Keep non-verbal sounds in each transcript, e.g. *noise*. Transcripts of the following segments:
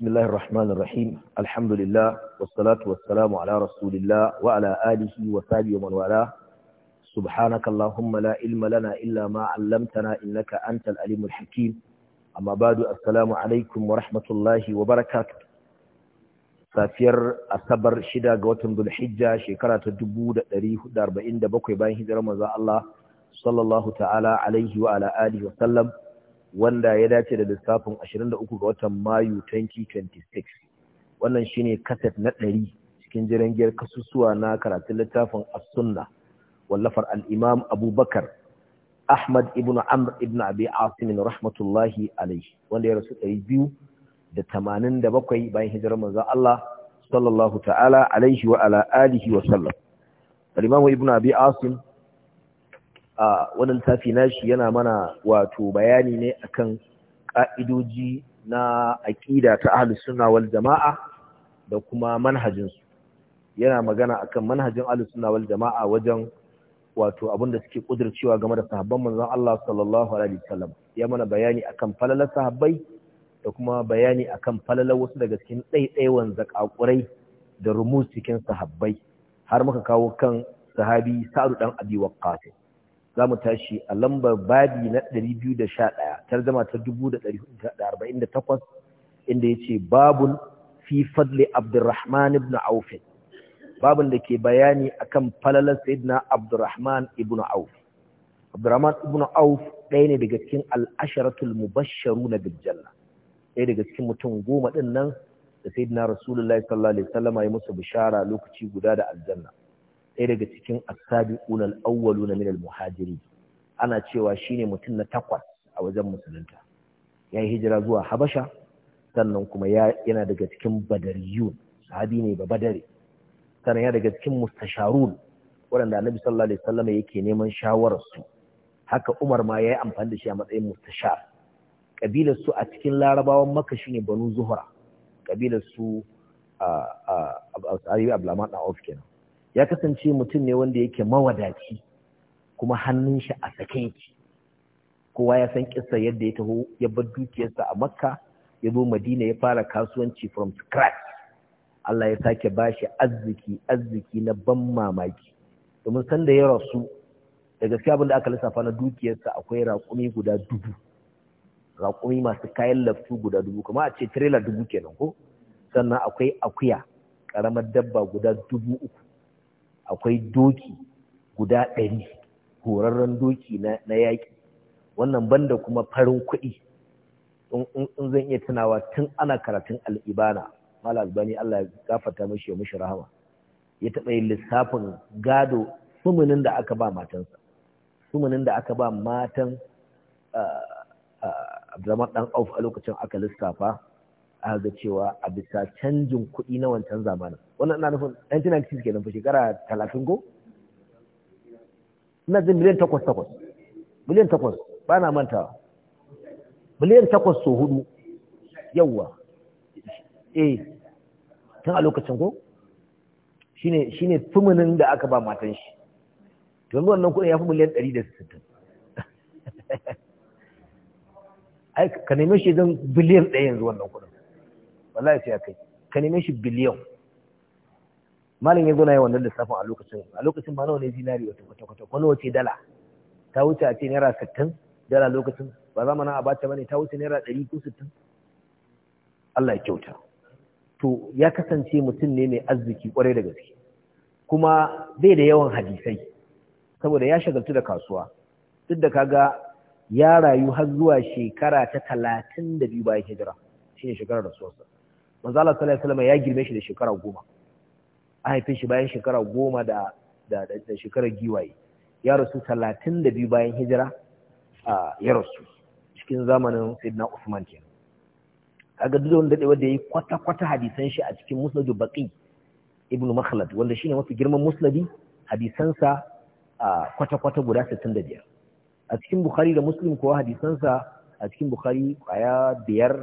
بسم الله الرحمن الرحيم الحمد لله والصلاة والسلام على رسول الله وعلى آله وصحبه ومن والاه سبحانك اللهم لا علم لنا إلا ما علمتنا إنك أنت العليم الحكيم أما بعد السلام عليكم ورحمة الله وبركاته safiyar asabar shida ga watan Zulhijja shekara ta 1447 bayan hijirar manzo Allah sallallahu ta'ala alaihi wa ala alihi wa sallam wanda ya dace da lissafin 23 ga watan Mayu 2026 wannan shine kaset na 100 cikin jirangiyar kasusuwa na karatun littafin as-sunna wallafar al-imam Abubakar Ahmad ibn Amr ibn Abi Asim rahmatullahi alayhi wanda ya rasu 287 bayan hijirar manzon Allah sallallahu ta'ala alaihi wa ala alihi wa sallam al-imam ibn Abi Asim a wani littafi nashi yana mana wato bayani ne akan ka'idoji na aƙida ta ahlus sunna wal jama'a da kuma manhajinsu yana magana akan manhajin ahlus wal jama'a wajen wato abinda suke kudurcewa game da sahabban manzon Allah sallallahu alaihi wasallam ya mana bayani akan falalar sahabbai da kuma bayani akan falalar wasu daga cikin ɗaiɗaiwan zakakurai da rumus cikin sahabbai har muka kawo kan sahabi sa'adu dan Abi Waqqas za mu tashi a lambar babi na 211 tarzama ta 1448 inda ya ce babun fi fadli abdurrahman ibn Aufin, babun da ke bayani akan falalar sayyidina abdurrahman ibn auf abdurrahman ibn auf ɗaya ne daga cikin al'asharatul mubasharu na biljanna ɗaya daga cikin mutum goma ɗin nan da sayyidina rasulullahi sallallahu alaihi wasallam ya musu bishara lokaci guda da aljanna ɗaya daga cikin as-sabiquna al-awwaluna muhajiri ana cewa shine mutum na takwas a wajen musulunta ya yi hijira zuwa Habasha sannan kuma yana daga cikin badariyun sahabi ne ba badare sannan ya daga cikin mustasharun waɗanda annabi sallallahu alaihi wasallam yake neman shawarar su haka Umar ma yayi amfani da shi a matsayin mustashar kabilar su a cikin Larabawan Makka shine Banu Zuhra kabilar su a a Abdulrahman Auf kenan ya kasance mutum ne wanda yake mawadaci kuma hannun shi a sake yake kowa ya san kisa yadda ya taho ya bar dukiyarsa a makka ya zo madina ya fara kasuwanci from scratch Allah ya sake bashi arziki arziki na ban mamaki domin san da ya rasu da gaskiya abin da aka lissafa na dukiyarsa akwai raƙumi guda dubu raƙumi masu kayan laftu guda dubu kuma a ce tirela dubu kenan ko sannan akwai akuya ƙaramar dabba guda dubu uku akwai doki guda ɗari horarren doki na yaƙi wannan banda kuma farin kuɗi in zan iya tunawa tun ana karatun al'ibana mala albani Allah ya gafata mishi ya mishi rahama ya taɓa yin lissafin gado sumunin da aka ba matansa sumunin da aka ba matan ah, ah, abdulrahman ɗan auf a lokacin aka lissafa A ga cewa a bisa canjin kuɗi na wancan zamanin wannan ina nufin 1996 ke nufin shekara talafin ko ina jin miliyan takwas takwas, miliyan takwas. ba na mantawa miliyan takwas so hudu yawwa E! Eh, tun a lokacin ko Shi ne fuminin da aka ba matan shi to yanzu wannan kuɗin ya fi miliyan 160 *laughs* ai ka neme shi don biliyan ɗaya yanzu wannan kuɗin wallahi sai kai ka neme shi biliyan malam ya gona yi wannan lissafin a lokacin a lokacin ba nawa ne zinari wata kwata kwata ko nawa ce dala ta wuce a ce naira sittin dala lokacin ba zamanin abacha bane ta wuce naira ɗari ko sittin Allah ya kyauta to ya kasance mutum ne mai arziki kwarai da gaske kuma bai da yawan hadisai saboda ya shagaltu da kasuwa duk da kaga ya rayu har zuwa shekara ta talatin da biyu bayan hijira shine shekarar rasuwarsa manzo sallallahu alaihi ya girme shi da shekara goma a haife shi bayan shekara goma da da da shekarar giwaye ya rasu biyu bayan hijira a ya rasu cikin zamanin Sayyidina Usman, kenan kaga duk wanda da wanda yayi kwata kwata hadisan shi a cikin Musnadul Baqi Ibn Makhlad wanda shine mafi girman musnadi hadisansa a kwata kwata guda 65 a cikin Bukhari da Muslim kuwa hadisansa a cikin Bukhari kwaya biyar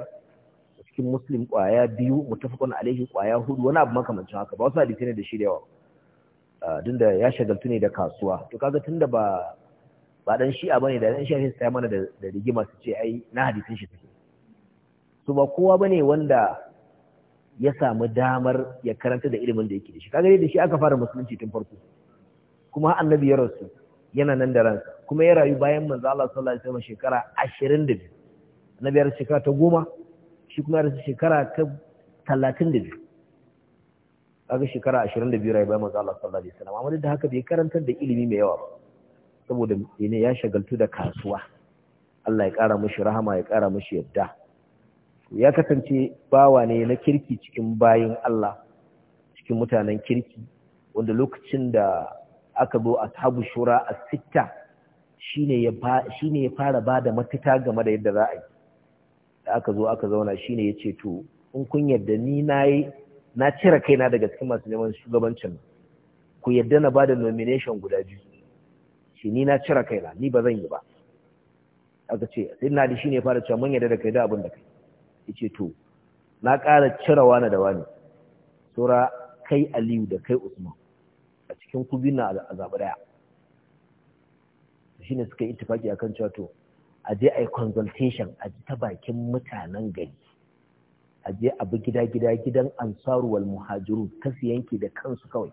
cikin muslim kwaya biyu mutafakon alaihi kwaya hudu wani abu makamancin haka ba wasu hadisi ne da shi da yawa ah, da ya shagaltu ne da kasuwa to kaga tun da ba ba dan shi'a bane da dan a sai mana da da rigima su ce ai na hadisin shi take to ba kowa bane wanda ya samu damar ya karanta da ilimin da yake da shi kaga da shi aka fara musulunci tun farko kuma annabi ya rasu yana nan da ransa kuma ya rayu bayan manzo Allah sallallahu alaihi wasallam shekara 22 annabi ya rasu shekara ta goma shi kuma da shekara ta talatin da biyu ga shekara ashirin da biyu rayu bayan manzo Allah sallallahu alaihi wasallam amma duk da haka bai karantar da ilimi mai yawa ba saboda ne ya shagaltu da kasuwa Allah ya kara mishi rahama ya kara mishi yadda ya kasance bawa ne na kirki cikin bayin Allah cikin mutanen kirki wanda lokacin da aka zo ashabu shura a sitta shine ya shine ya fara bada mafita game da yadda za a yi da aka zo aka zauna shine ya ce to in kun yarda ni na yi na cire kaina daga cikin masu neman shugabancin ku yarda na bada nomination guda biyu shi ni na cire kaina ni ba zan yi ba aka ce sai na da shi ne fara cewa mun yarda da kai da abin da kai ya ce to na ƙara cire wani da wani saura kai aliyu da kai usman a cikin kubina a zaɓi ɗaya shi ne suka yi itifaki akan cewa to a je a yi consultation a ta bakin mutanen gari a je a bi gida gida gidan ansaru wal muhajiru kasu yanki da kansu kawai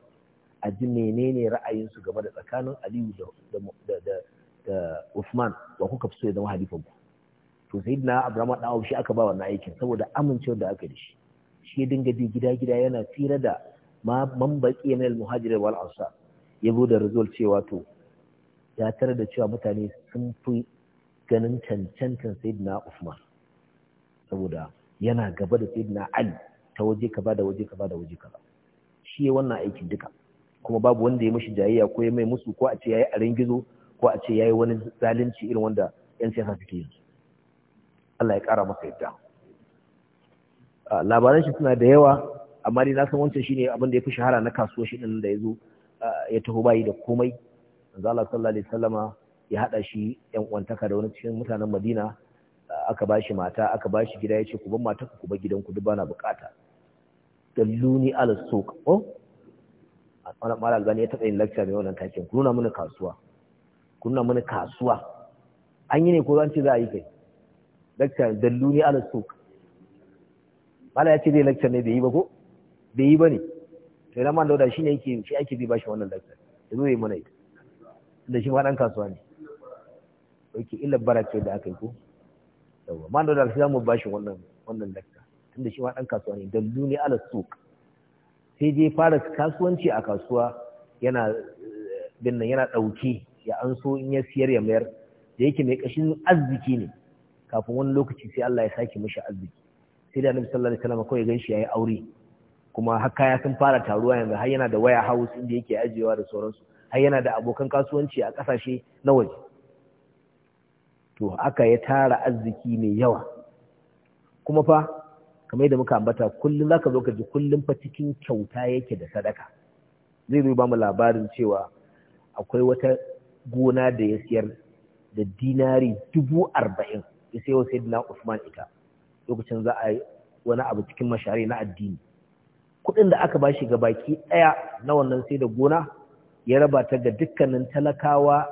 a ji menene ra'ayinsu game da tsakanin aliyu da da wa kuka fi so ya zama halifan ku to sai na abrahama dan shi aka ba wannan aikin saboda amincewa da aka da shi shi ya dinga bi gida gida yana tsira da ma mambaki na al wal ansar ya zo da result cewa to ya tare da cewa mutane sun fi ganin cancantan sayyidina Usman saboda yana gaba da sayyidina Ali ta waje kaza da waje kaza da waje kaza shi wannan aikin duka kuma babu wanda ya mishi jayayya ko ya mai musu ko a ce yayi arin gizo ko a ce yayi wani zalunci irin wanda yan siyasa suke yi Allah ya kara masa yadda ah, labaran shi suna da yawa amma dai na san wancan shine abin da ya fi shahara na kasuwa shi din da ya zo ah, ya taho bayi da komai Allah sallallahu alaihi wasallama ya haɗa shi ‘yan uwantaka da wani cikin mutanen Madina aka ba shi mata aka ba shi gida ya ce ku ban mata ku ba gidanku duk bana bukata dalluni ala suq oh wannan mala albani ya taɓa yin lecture mai wannan takin ku nuna mana kasuwa ku nuna mana kasuwa an yi ne ko zan ce za a yi kai lecture dalluni ala suq mala ya ce dai lecture ne bai yi ba ko bai yi ba ne to ina man dauda ne yake shi ake bi ba shi wannan lecture yanzu yayi mana ita da shi ma dan kasuwa ne ɗauki illa barake da aka yi ko yawa ma da za mu bashi wannan wannan lakka tunda shi ma ɗan kasuwa ne dallu ne ala suq sai dai fara kasuwanci a kasuwa yana bin nan yana ɗauke ya an so in ya siyar ya mayar da yake mai kashin arziki ne kafin wani lokaci sai Allah ya sake mishi arziki sai da annabi sallallahu alaihi wasallam kawai ganshi yayi aure kuma har kaya sun fara taruwa yanzu har yana da waya house inda yake ajiyewa da sauransu har yana da abokan kasuwanci a kasashe na waje to aka ya tara arziki mai yawa kuma fa kamar yadda muka ambata kullum zaka zo ka ji kullum fa cikin kyauta yake da sadaka zai zo ba mu labarin cewa akwai wata gona da ya siyar da dinari dubu arba'in ya sayo sayyidina Usman ita lokacin za a wani abu cikin mashari na addini kuɗin da aka bashi ga baki ɗaya na wannan sai da gona ya raba ta ga dukkanin talakawa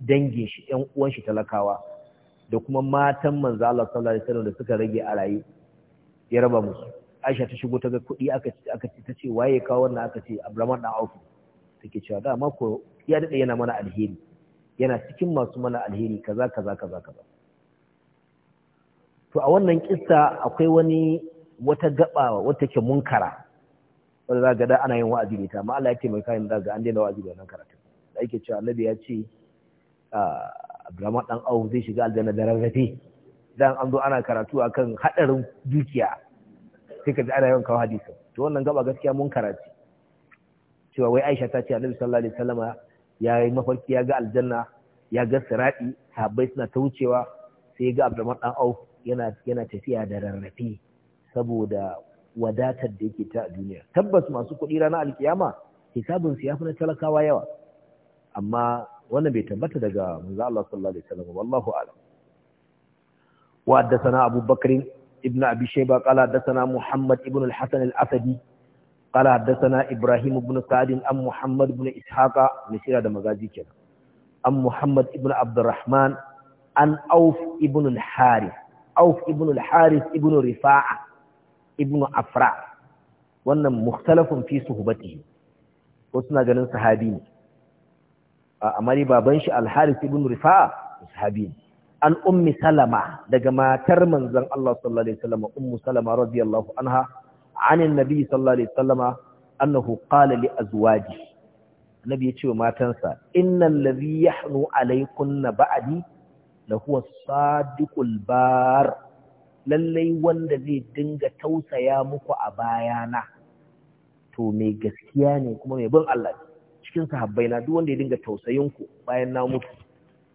dangin shi yan uwan shi talakawa da kuma matan manzo Allah sallallahu alaihi wasallam da suka rage a raye ya raba musu Aisha ta shigo ta ga kuɗi aka aka ta ce waye kawo wannan aka ce Abdurrahman dan Auf take cewa da ma ko ya dade yana mana alheri yana cikin masu mana alheri kaza kaza kaza kaza to a wannan kissa akwai wani wata gaba wata ke munkara wanda za ga da ana yin wa'azi ne ta amma Allah ya taimaka yin da ga an daina wa'azi da nan karatu da ake cewa annabi ya ce ah, Abdulhama dan Auf zai shiga aljanna da rarrafe dan an zo ana karatu akan hadarin dukiya sai ka ji ana yawan kawo hadisi to wannan gaba gaskiya mun karatu cewa wai Aisha ta ce Annabi sallallahu alaihi wasallama ya yi mafarki ya ga aljanna ya ga sirati sahabbai suna ta wucewa sai ga Abdurrahman dan Auf yana yana tafiya da rarrafe saboda wadatar da yake ta a duniya tabbas masu kuɗi ranar alkiyama hisabinsu ya fi na talakawa yawa amma wannan bai tabbata daga manzo Allah sallallahu alaihi wasallam wallahu a'lam wa haddathana Abu Bakr ibn Abi Shayba qala haddathana Muhammad ibn al-Hasan al-Asadi qala haddathana Ibrahim ibn Sa'd an Muhammad ibn Ishaqa misira da magaji kenan an Muhammad ibn Abdurrahman an Auf ibn al-Harith Auf ibn al-Harith ibn Rifa'a ibn Afra wannan mukhtalafun fi suhbatihi wasu na ganin sahabi ne amma baban shi al-Harith ibn Rifa'a sahabi an ummi Salama daga matar manzon Allah sallallahu alaihi wasallam ummu Salama radiyallahu anha anin nabi sallallahu alaihi wasallam annahu qala li azwaji nabi ya ce wa matansa innal ladhi yahnu alaykunna ba'di la huwa sadiqul bar lallai wanda zai dinga tausaya muku a bayana to mai gaskiya ne kuma mai bin Allah ne cikin sahabbai na duk wanda ya dinga tausayin ku bayan na mutu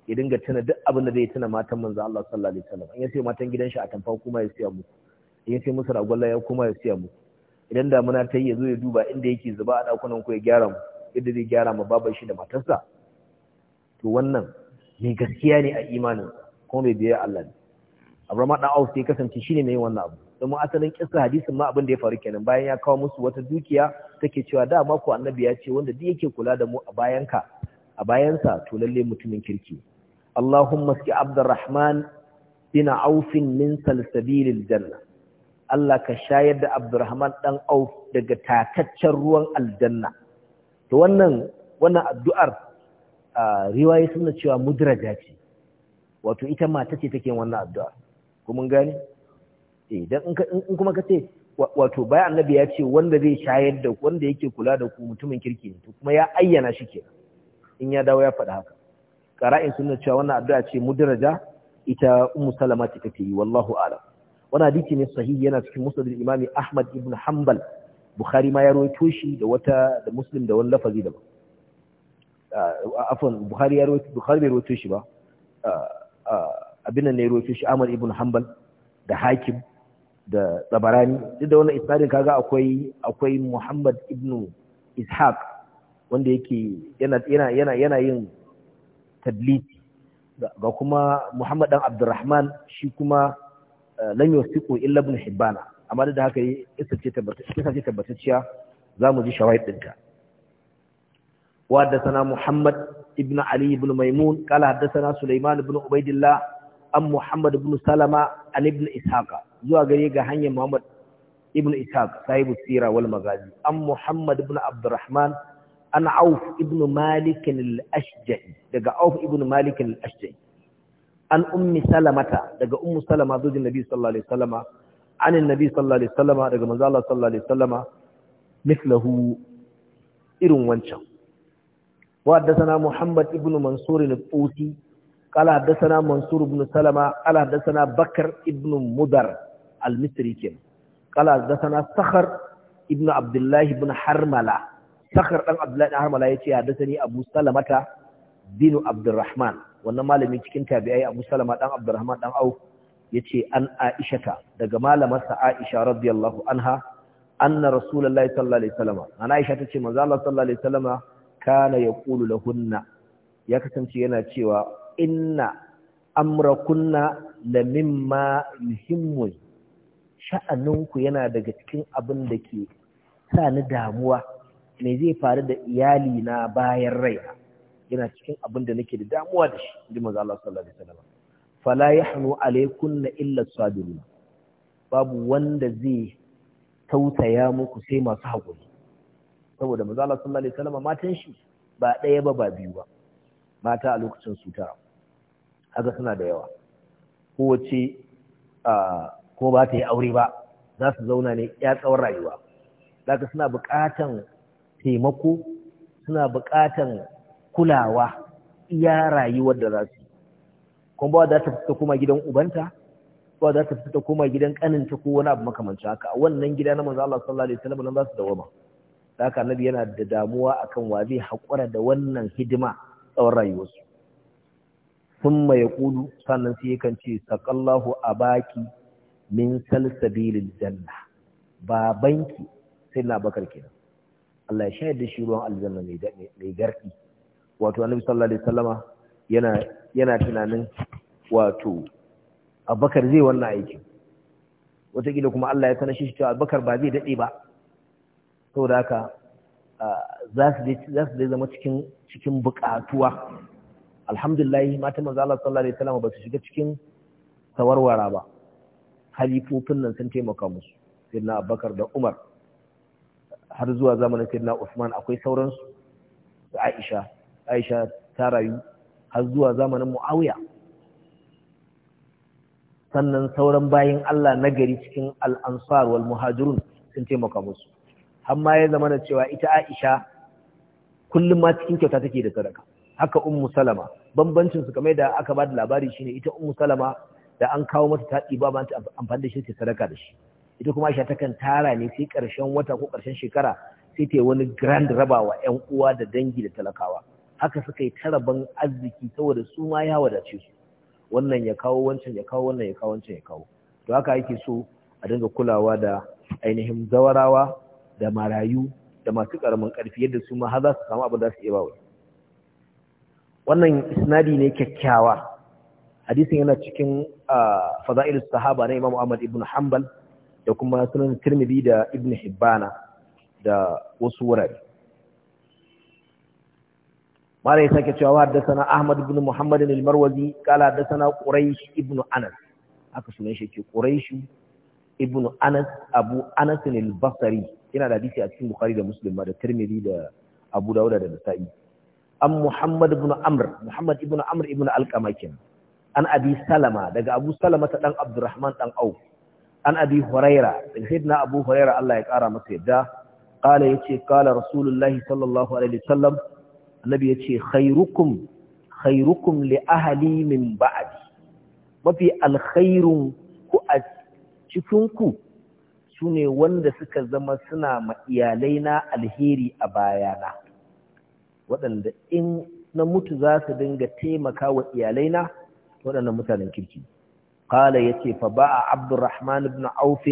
ya dinga tuna duk abin da zai tuna matan manzo Allah sallallahu alaihi wasallam in ya sai matan gidan shi a tamfa kuma ya siya muku in ya sai musu ragwalla ya kuma ya siya muku idan damuna ta yi ya zo ya duba inda yake zuba a dakunan ku ya gyara mu yadda zai gyara ma baban shi da matarsa to wannan mai gaskiya ne a imanin kuma bai biya Allah ne Abraham dan Auf sai kasance shine mai wannan abu domin asalin kisa hadisin ma abin da ya faru kenan bayan ya kawo musu wata dukiya take cewa da ma ku annabi ya ce wanda duk yake kula da mu a bayanka a bayansa to lalle mutumin kirki Allahumma ski Abdurrahman bin Auf min salsabilil janna Allah ka shayar da Abdurrahman dan Auf daga takaccen ruwan aljanna to wannan wannan addu'ar riwaya suna cewa mudraja ce wato ita mata ce take wannan addu'a kuma gani idan eh, in kuma ka ce wato baya annabi ya ce wanda zai shayar da wanda yake kula da ku mutumin kirki ne to kuma ya ayyana shi ke in ya dawo ya faɗa haka qara'in sunna cewa wannan addu'a ce daraja ita ummu salama ta take yi wallahu a'lam wannan hadisi ne sahihi yana cikin musnad imami ahmad ibn hanbal bukhari ma ya rawaito shi da wata da muslim da wani lafazi daban ah, afwan bukhari ya rawaito bukhari bai rawaito shi ba ah, ah, abin nan ne rawaito shi ahmad ibn hanbal da hakim da tsabarani duk da wannan isnadin kaga akwai akwai Muhammad ibn Ishaq wanda yake yana yana yana yana yin tadlisi ga kuma Muhammad dan Abdurrahman shi kuma eh, lan yusiqu illa ibn Hibbana amma da haka isa ce tabbatacciya za ji shawahid dinta wa haddathana Muhammad ibn Ali ibn Maimun qala haddathana Sulaiman ibn Ubaidillah am Muhammad ibn Salama an ibn Ishaqa zuwa gare ga hanyar Muhammad ibn Ishaq sahibu sira wal magazi an Muhammad ibn Abdurrahman an Auf ibn Malik al-Ashja'i daga Auf ibn Malik al-Ashja'i an ummi Salamata daga ummu Salama zujin Nabi sallallahu alaihi wasallama an annabi sallallahu alaihi wasallama daga manzo Allah sallallahu alaihi wasallama mithlahu irin wancan وحدثنا محمد ابن منصور الطوسي قال حدثنا منصور بن سلمة قال حدثنا بكر ابن مدر al-misri kenan qala hadathana sakhar ibnu abdullahi ibn harmala sakhar dan abdullahi ibn harmala yace hadathani abu salamata bin abdurrahman wannan malamin cikin tabi'ai abu salama dan abdurrahman dan au yace an Aisha ta. daga malamar sa aisha radiyallahu anha anna rasulullahi sallallahu alaihi wasallam ana aisha tace manzo Allah sallallahu alaihi wasallam kana yaqulu lahunna ya kasance yana cewa inna amrakunna la mimma yuhimmuni sha'aninku yana daga cikin abin da ke sa ni damuwa me zai faru da iyali na bayan rai? yana cikin abin da nake da damuwa da shi inji manzo Allah sallallahu alaihi wasallam fala yahnu alaykum illa sabirun babu wanda zai tautaya muku sai masu hakuri saboda manzo Allah sallallahu alaihi wasallam matan shi ba ɗaya ba ba biyu ba mata a lokacin su tara haka suna da yawa kowace a ah, ko ba ta yi aure ba za su zauna ne ya tsawon rayuwa daga suna buƙatan taimako suna buƙatan kulawa iya rayuwar da za su kuma ba za ta fita kuma gidan ubanta ba za ta fita kuma gidan kaninta ko wani abu makamancin haka wannan gida na manzo Allah sallallahu alaihi wasallam za su dawama haka annabi yana da damuwa akan wa zai haƙura da wannan hidima tsawon rayuwarsu thumma yaqulu sannan sai yakan ce saqallahu abaki min salsabilil janna babanki sai na bakar kenan Allah ya shaida da shi ruwan aljanna mai garki wato annabi sallallahu alaihi wasallama yana yana tunanin wato abakar zai wannan aikin wataƙila kuma Allah ya sanar shi cewa abakar ba zai daɗe ba saboda haka za su dai zama cikin cikin buƙatuwa alhamdulillah mata manzo Allah sallallahu alaihi wasallama ba su shiga cikin sawarwara ba halifofin nan sun taimaka musu sayyidina abubakar da umar har zuwa zamanin sayyidina usman akwai sauransu da aisha aisha ta rayu har zuwa zamanin muawiya sannan sauran bayan Allah na gari cikin al-ansar wal muhajirun sun taimaka musu har ma ya zama da cewa ita aisha kullum ma cikin kyauta take da sadaka haka ummu salama bambancin su kamar da aka ba da labari shine ita ummu salama da an kawo mata ta ɗiba ba ta amfani da shi ta sadaka da shi ita kuma Aisha takan tara ne sai ƙarshen wata ko ƙarshen shekara sai ta yi wani grand wa ƴan uwa da dangi da talakawa haka suka yi taraban arziki saboda su ma ya wadace su wannan ya kawo wancan ya kawo wannan ya kawo wancan ya kawo to haka yake so a dinga kulawa da ainihin zawarawa da marayu da masu karamin karfi yadda su ma har za su samu abin da su iya ba wannan isnadi ne kyakkyawa hadisin yana cikin fada'ilus sahaba na Imam Ahmad ibn Hanbal da kuma sunan Tirmidhi da Ibn Hibbana da wasu wurare Mara ya sake cewa haddathana Ahmad ibn Muhammad al-Marwazi qala haddathana Quraish ibn Anas aka sunan shi ke Quraish ibn Anas Abu Anas al-Basri yana da hadisi a cikin Bukhari da Muslim da Tirmidhi da Abu Dawud da Nasa'i am Muhammad ibn Amr Muhammad ibn Amr ibn Alqama kenan an abi salama daga abu salama ta ɗan abdurrahman ɗan au an abi huraira sayyidina abu huraira Allah ya kara masa yadda qala yace qala rasulullahi sallallahu alaihi sallam, annabi yace khairukum khairukum li ahali min ba'di mafi alkhairun ku a cikinku sune wanda suka zama suna ma iyalaina alheri a bayana waɗanda in na mutu za su dinga taimaka wa iyalaina waɗannan mutanen kirki qala yace fa ba'a abdurrahman ibn auf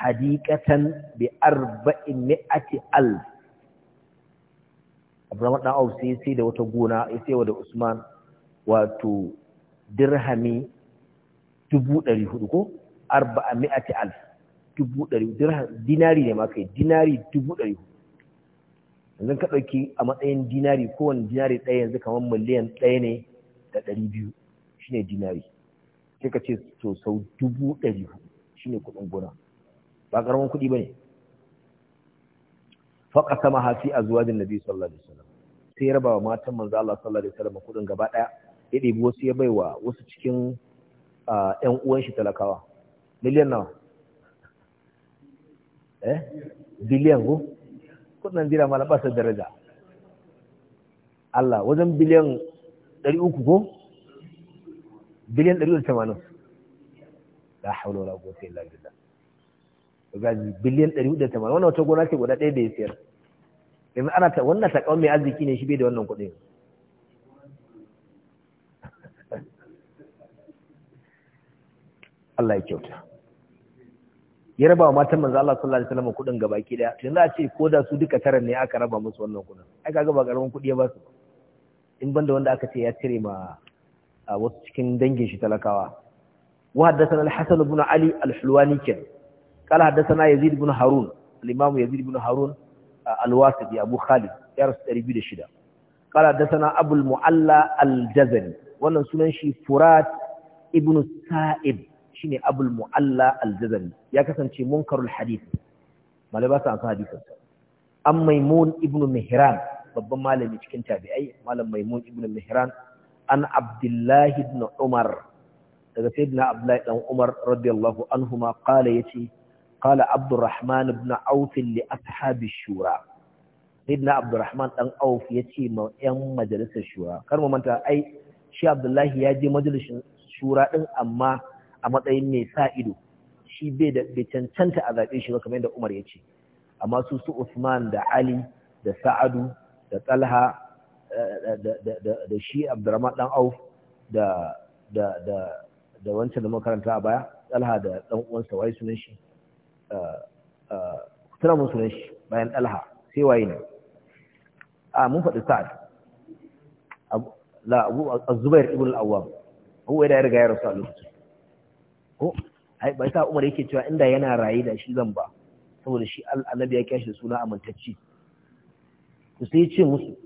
hadiqatan bi mi'ati al abdurrahman ibn auf sai sai da wata gona sai wa da usman wato dirhami dubu 400 ko arba'a dubu ɗari dinari ne ma kai dinari 400 yanzu ka ɗauki a matsayin dinari kowane dinari ɗaya yanzu kamar miliyan ɗaya ne da ɗari biyu shine dinari sai ka ce to sau dubu ɗari shine kuɗin gona ba ƙaramin kuɗi ba ne faƙa sama hafi a zuwa jin nabi sallallahu alaihi wasallam sai ya raba wa matan manzo Allah sallallahu alaihi wasallam kuɗin gaba ɗaya ya ɗebi wasu ya baiwa wasu cikin ƴan uwan shi talakawa miliyan nawa eh biliyan ko kuɗin Najeriya ma ba su daraja Allah wajen biliyan ɗari uku ko biliyan 180 la haula wala quwwata illa billah ga biliyan 180 wannan wata gona ce guda ɗaya da ya siyar yanzu ana ta wannan ta kawai mai arziki ne shi bai da wannan kuɗin Allah ya kyauta ya raba wa matan manzo Allah sallallahu alaihi wasallam kuɗin gabaki daya to yanzu a ce ko da su duka taran ne aka raba musu wannan kuɗin ai kaga ba karamin kuɗi ya ba su in banda wanda aka ce ya cire ma wasu cikin dangin shi talakawa wa haddathana al-hasan ibn ali al-hulwani kin qala haddathana yazid ibn harun al-imam yazid ibn harun uh, al-wasiti abu khalid yar 206 qala haddathana abu al-mualla al-jazari wannan sunan shi furat ibn sa'ib shine abu al-mualla al-jazari ya kasance munkarul hadith malaba sa an hadisin an maimun ibn mihran babban malami cikin tabi'ai malam maimun ibn mihran an abdullahi ibn umar daga sayyidina abdullahi dan umar radiyallahu anhuma qala yace qala abdurrahman ibn auf li ashabi shura sayyidina abdurrahman dan auf yace ma yan majalisar shura kar mu manta ai shi abdullahi ya je majalisar shura din amma a matsayin mai sa ido shi bai da bai cancanta a zabe shi ba kamar yadda umar yace amma su su usman da ali da sa'adu da talha da shi abdurrahman dan auf da da da da wancan da makaranta a baya talha da dan uwansa wai sunan shi eh, eh, tana mun sunan shi bayan talha sai waye ne a ah, mun faɗi sa'ad la abu az-zubair ibn al-awwam ko ya riga ya rasu a lokacin ko ai bai sa umar yake cewa inda yana raye da shi zan ba saboda shi annabi ya da suna amintacci Ku sai ce musu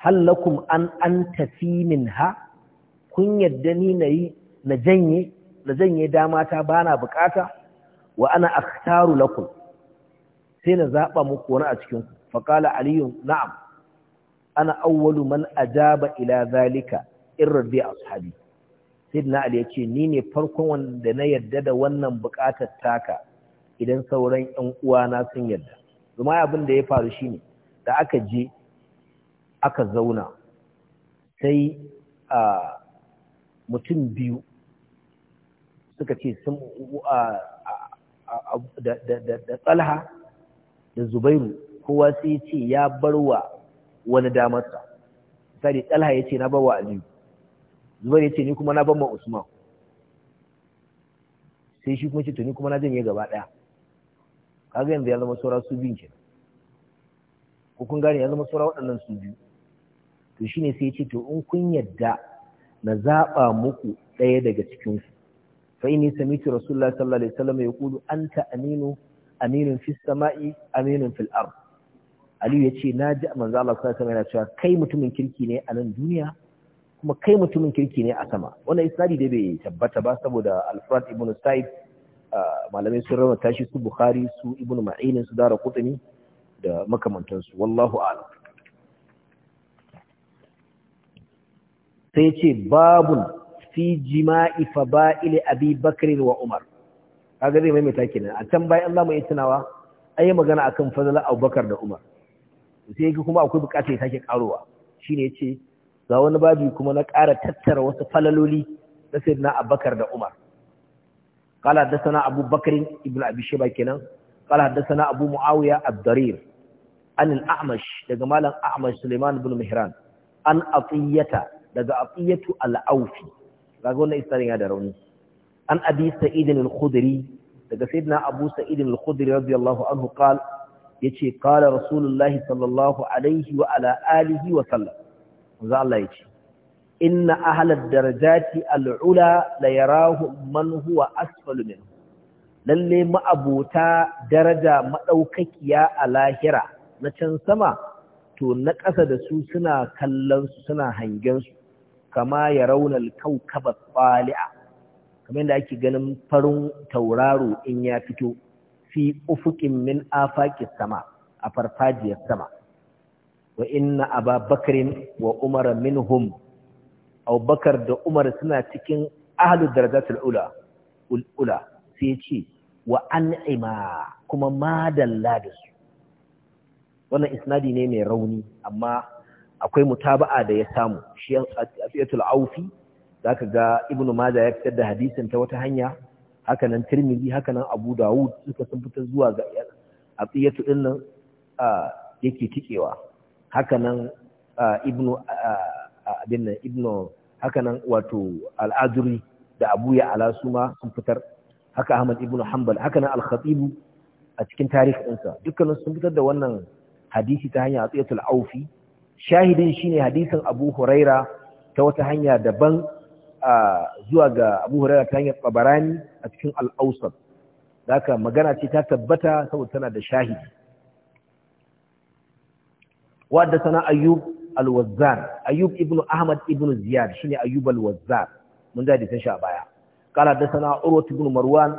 hallakum an an tafi min ha kun yadda ni na yi na janye na janye dama ta bana bukata wa ana akhtaru lakum sai na zaba muku wani a cikin ku qala Aliyu, na'am ana awwalu man ajaba ila zalika in rabbi ashabi Sidna ali yace ni ne farkon wanda na yadda da wannan bukatar taka idan sauran ƴan uwana sun yadda kuma abin da ya faru shine da aka je aka zauna sai a mutum biyu suka ce sun da tsalha da zubairu kowa sai ce ya barwa wani damarsa sai tsalha ya ce na barwa aliyu zubairu ya ce ni kuma na barwa usman sai shi kuma ce to ni kuma na janye gaba daya kaga yanzu ya zama saura su biyu kenan ko kun gane ya zama saura waɗannan su biyu to ne sai ce to in kun yadda na zaɓa muku ɗaya daga cikin ku fa inni samitu rasulullah sallallahu alaihi wasallam an ta aminu aminun fis sama'i aminun fil Aliyu ya ce na ji manzo Allah sallallahu alaihi wasallam yana cewa kai mutumin kirki ne a nan duniya kuma kai mutumin kirki ne a sama wannan isnadi dai bai tabbata ba saboda al-Furat ibn Sa'id malamai sun rawata shi su Bukhari su Ibn Ma'in su Dara Qutni da makamantansu wallahu a'lam sai ce babun fi jima'i fa faba'ili abi bakirin wa umar kaga zai maimaita kenan a can bayan Allah mai tunawa an yi magana akan abu abubakar da umar sai yake kuma akwai bukatar ya sake karowa Shi yace ce ga wani babi kuma na ƙara tattara wasu falaloli na sayyidina abubakar da umar قال Ibn abi بكر kenan. أبي شيبة abu قال حدثنا أبو معاوية Ahmad عن daga malam أعمش سليمان ibn mihran an أطية daga aqiyatu al-awfi kaga wannan isnadin ya da rauni an abi sa'id al-khudri daga sayyidina abu sa'id al-khudri radiyallahu anhu qala yace qala rasulullahi sallallahu alaihi wa ala alihi wa sallam manzo Allah yace inna ahlad darajati al-ula la yarahu man huwa asfalu minhu lalle ma'abota daraja madaukakiya a lahira na can sama to na ƙasa da su suna kallon su suna hangen su kama ya raunar kaukaba tsali'a kamar da ake ganin farin tauraro in ya fito fi ufukin min afaki sama a farfajiyar sama wa inna aba bakarin wa umar minhum abubakar da umar suna cikin ahalu darajatul ula ula sai ce wa an'ima kuma madalla da su wannan isnadi ne mai rauni amma akwai mutaba'a da ya samu shi asiyatul aufi zaka ga ibnu majah ya fitar da hadisin ta wata hanya haka nan tirmidhi haka nan abu dawud suka sun fitar zuwa ga asiyatu din nan yake tikewa haka nan ibnu abin ibnu haka nan wato al-azuri da abu ya ala suma sun fitar haka ahmad ibnu hanbal haka nan al-khatib a cikin tarihi ɗinsa dukkanin sun fitar da wannan hadisi ta hanya asiyatul aufi shahidin shine hadisin Abu Huraira ta wata hanya daban zuwa ga Abu Huraira ta hanyar Tabarani a cikin Al-Awsat haka magana ce ta tabbata saboda tana da shahidi da sana Ayyub Al-Wazzar Ayyub ibn Ahmad ibn Ziyad shine Ayyub Al-Wazzar mun da hadisin shi a baya qala da sana Urwa ibn Marwan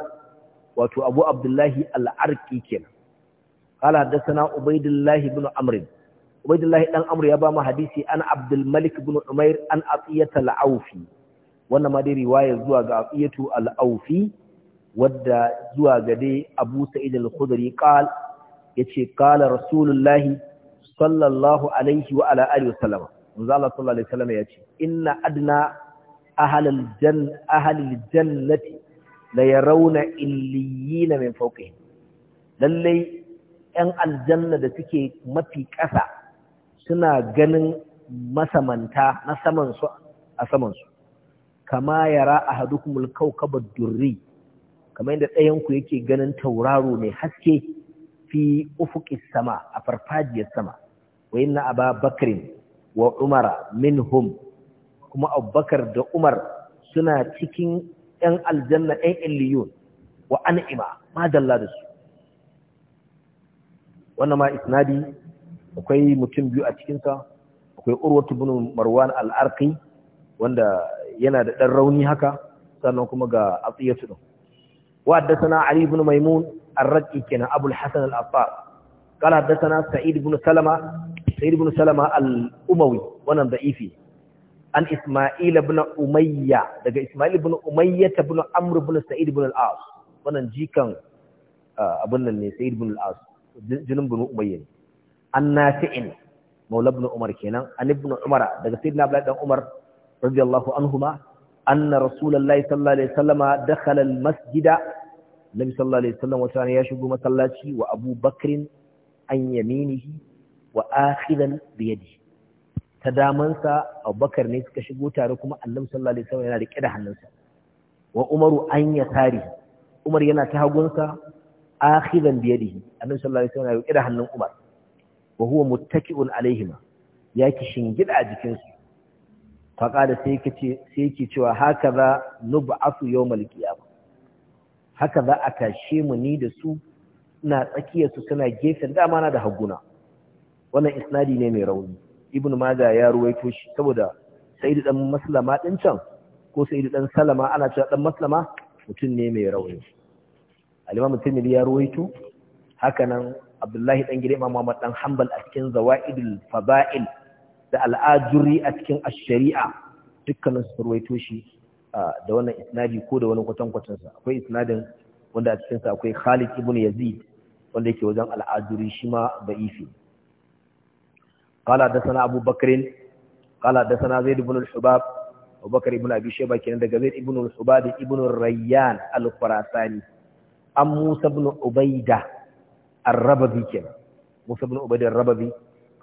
wato Abu Abdullahi Al-Arqi kenan qala da sana Ubaidullahi ibn Amr Ubaidullahi dan Amr ya ba mu hadisi an Abdul Malik ibn Umair an Atiyat al-Aufi wannan ma dai riwaya zuwa ga Atiyatu al-Aufi wadda zuwa ga dai Abu Sa'id al-Khudri qal yace qala Rasulullahi sallallahu alaihi wa ala alihi wasallam manzo Allah sallallahu alaihi wasallam yace inna adna ahlal jann ahlil jannati la yarawna illiyina min fawqihim lallai ‘yan aljanna da suke mafi ƙasa suna ganin masamanta na saman su a samansu kama yara ahadukumul kawkabad durri kamar yadda ɗayan yake ganin tauraro mai haske fi ufuqis sama a farfajiyar sama wa inna aba bakrin wa umara minhum kuma abubakar da umar suna cikin ‘yan aljanna ‘yan illiyun wa an'ima ma dalla da su wannan ma isnadi akwai mutum biyu a cikinsa akwai urwatu bin marwan al'arqi wanda yana da ɗan rauni haka sannan kuma ga su din wa haddathana ali bin maimun ar-raqi kenan abul hasan al-affar قال حدثنا سعيد bin Salama سعيد بن سلمة الأموي wannan da'ifi an Ismail ibn Umayya daga Ismail bin Umayya ta bin Amr bin Sa'id bin al-As wannan jikan ah, abin nan ne Sa'id bin al-As jinin bin Umayya ne an nafi'in maula ibn umar kenan an ibn umara daga sayyidina abdullahi dan umar radiyallahu anhuma anna rasulullahi sallallahu alaihi wasallama dakhala almasjida nabi sallallahu alaihi wasallam wata ya shigo masallaci wa abu an yaminihi wa akhidan bi yadihi ta damansa abubakar ne suka shigo tare kuma annabi sallallahu alaihi wasallam yana rike da hannunsa wa umaru an ya tari umar yana ta hagunsa akhidan bi yadihi annabi sallallahu alaihi wasallam yana rike da hannun umar wa huwa muttaki'un alaihima ya ki shingida a jikinsu faƙada sai yake cewa haka za nub'asu yawmal qiyamah haka za a tashe mu ni da su ina tsakiyar su suna gefen dama na da haguna wannan isnadi ne mai rauni ibnu maja ya ruwaito shi saboda da dan maslama din can ko da dan salama ana cewa dan maslama mutum ne mai rauni al-imam tirmidhi ya ruwaito haka nan abdullahi dan gida muhammad Ɗan hambal a cikin zawaidul Faba'il da al'ajuri a cikin Ashari'a dukkanin su ruwaito shi da wannan isnadi ko da wani kwatankwacin sa akwai isnadin wanda a cikin sa akwai Khalid ibn Yazid wanda yake wajen al'ajuri shi ma da'ifi qala dasana Abu Bakr qala dasana Zaid ibn al-Hubab Abu Bakr ibn Abi Shayba kenan daga Zaid ibn al-Hubab ibn Rayyan al-Khurasani an Musa ibn Ubaida الربذي كنا موسى بن عبيد الربذي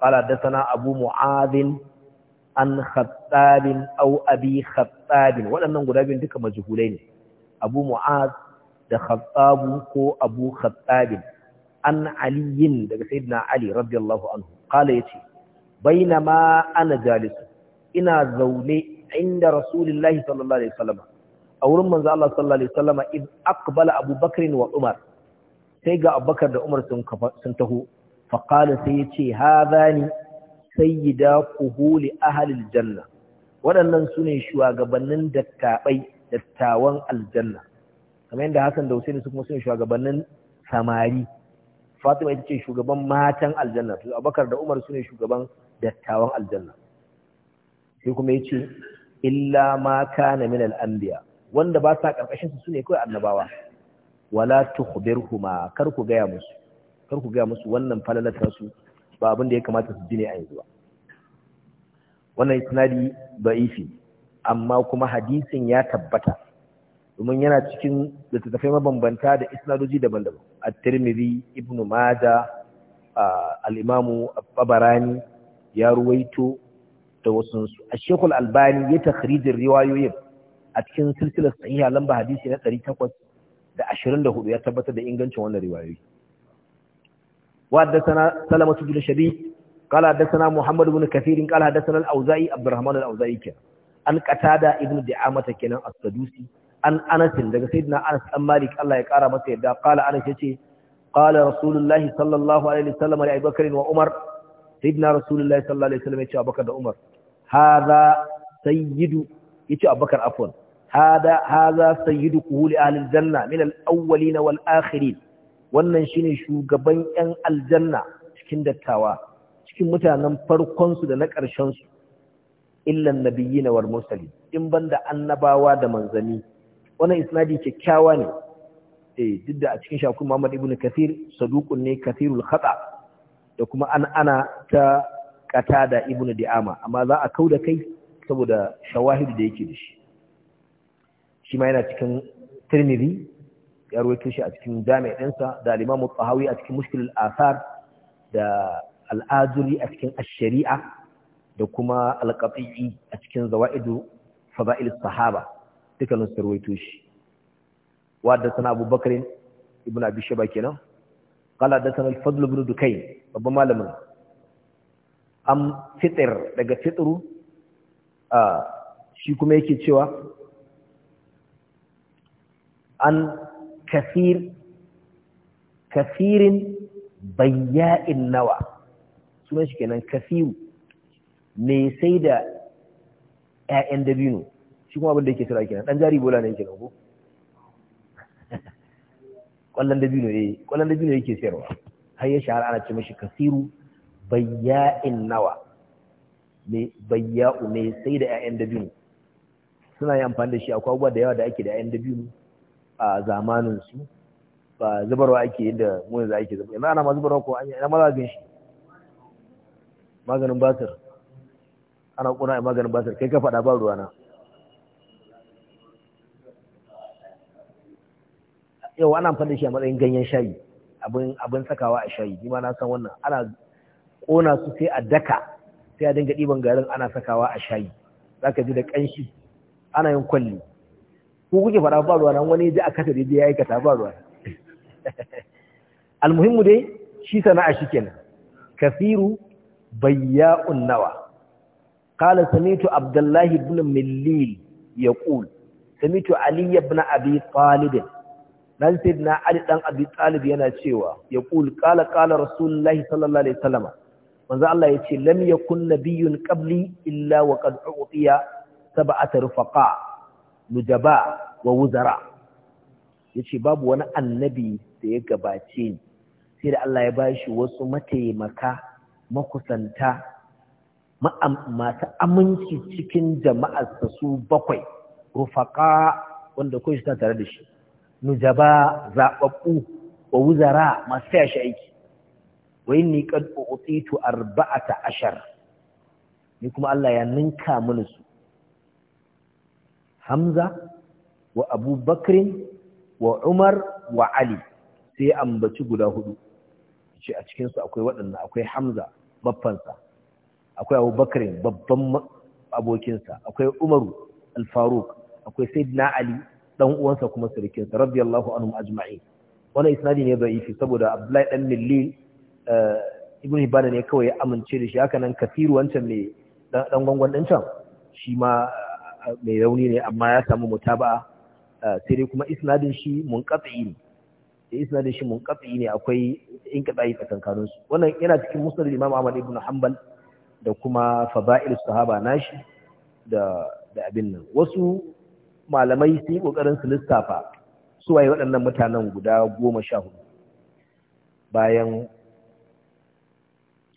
قال حدثنا ابو معاذ عن خطاب او ابي خطاب ودنن غدابين duka majhulai ne abu muaz da khattab ko abu khattab an ali daga sayyidina ali radiyallahu anhu ce baina ma ana jalis ina zaune inda rasulullahi sallallahu alaihi wasallam a wurin manzo Allah sallallahu alaihi wasallam id abubakar wa umar sai ga abubakar da umar sun taho faƙala sai ya ce ha za ni, haza ne sayyida kuhuli ahalil janna waɗannan su ne shugabannin dattaɓai dattawan aljanna kamar yadda hassan da husaini su kuma su ne shugabannin samari fatima ita ce shugaban matan aljanna su abubakar da umar su ne shugaban dattawan aljanna sai kuma ya ce illa ma kana min al'ambiya wanda ba sa ƙarƙashinsu su ne kawai annabawa wala tukhbirhuma kar ku gaya musu kar ku gaya musu wannan falalatar su ba abin da ya kamata su ji ne a yanzu ba wannan isnadi da'ifi amma kuma hadisin ya tabbata domin yana cikin littattafai mabambanta da isnadoji daban-daban at-tirmidhi ibnu majah al imam ya ruwaito da wasu ash-shaykh al-albani ya takhrijir riwayoyin a cikin silsilar sahiha lamba hadisi na 800 da 24 ya tabbatar da ingancin wannan riwayoyi wa haddathana salamatu bin shabi qala haddathana muhammad ibn kathir qala haddathana al-auza'i abdurrahman al-auza'i kenan an qatada ibn di'amata kenan as-sadusi an anas daga sayyidina anas dan malik Allah ya kara masa yadda qala anas yace qala rasulullahi sallallahu alaihi wasallam li abubakar wa umar sayyidina rasulullahi sallallahu alaihi wasallam yace abubakar da umar hadha sayyidu yace abubakar afwan hada haza sayyidu kuhuli ahlil janna min al na wal akhirin wannan shine shugaban yan aljanna cikin dattawa cikin mutanen farkon su da na ƙarshen su illa nabiyyin wal mursalin in banda annabawa da manzani. wannan isnadi kyakkyawa ne eh duk da a cikin shakun Muhammad ibn Kathir saduqun ne kathirul khata da kuma an ana ta da ibn Di'ama amma za a kauda kai saboda shawahid da yake da shi shi ma yana cikin tirmidhi ya rawaito shi a cikin jami'a ɗinsa da al-imamu tahawi a cikin mushkil al-athar da al-azuri a cikin ash-shari'a da kuma al-qati'i a cikin zawaidu fada'il sahaba dukkanin su rawaito shi wa da sana abubakar ibn abi kenan qala da sana al-fadl ibn dukayn babban malamin am fitr daga fitru shi kuma yake cewa an kafir kafirin bayya'in nawa sunan shi kenan kafiru mai sai da ƴaƴan dabino shi kuma abin da yake sura kenan dan jari bola ne yake nan ko kwallon dabino eh kwallon sayarwa har ya shahara ana ce mashi kasiru bayya'in nawa mai bayya'u mai sai da ƴaƴan dabino suna yi amfani da shi akwai abubuwa da yawa da ake da ƴaƴan dabino a zamanin su ba zubarwa ake yadda za yanzu ke zubarwa ina ana ma zubarwa ko anya za a shi maganin basir ana kuna a maganin basir kai ka faɗa ba ruwa na yau ana amfani shi a matsayin ganyen shayi abin sakawa a shayi ni ma na san wannan ana kona su sai a daka sai a dinga ɗiban garin ana sakawa a shayi za ka ji da ƙanshi ana yin kwalli ku kuke faɗa ba ruwa nan wani ji a kasa da ya aikata ba ruwa *laughs* almuhimmu dai shi sana'a shi kenan kafiru bayya'un nawa qala samitu abdullahi ibn millil yaqul samitu ali ibn abi talib dan sayyidina ali dan abi talib yana cewa yaqul qala qala rasulullahi sallallahu alaihi wasallam manzo Allah yace lam yakun nabiyyun qabli illa wa qad ta sab'ata rufaqa nujaba wa wuzara yace babu wani annabi da ya gabace ni sai da Allah ya ba shi wasu mataimaka makusanta masu aminci cikin jama'arsa su bakwai rufaka wanda kawai ta tare da shi nujaba zaɓaɓɓu wa wuzara masu ya shi aiki wa yin ni kan arba'ata ashar ni kuma Allah ya ninka mini su hamza wa abubakrin wa umar wa ali sai ambaci guda hudu ce a cikinsu akwai waɗannan akwai hamza baffansa. akwai abubakrin babban abokinsa akwai umaru alfaruk akwai sayyidina ali dan uwansa kuma surikinsa radiyallahu anhum ajma'in wannan isnadi ne da'ifi saboda abdullahi dan milli eh, ibn hibban ne kawai ya amince da shi haka nan kafiru wancan ne dan gwangwan din can shi ma mai rauni ne amma ya samu mutaba'a eh, sai dai kuma isnadin shi munqati ne sai eh, isnadin shi munqati ne akwai yi tsakankanin su wannan yana cikin musnad Imam Ahmad ibn Hanbal da kuma fada'il sahaba nashi da da abin nan wasu malamai sun yi kokarin su lissafa su waye waɗannan mutanen guda goma sha hudu bayan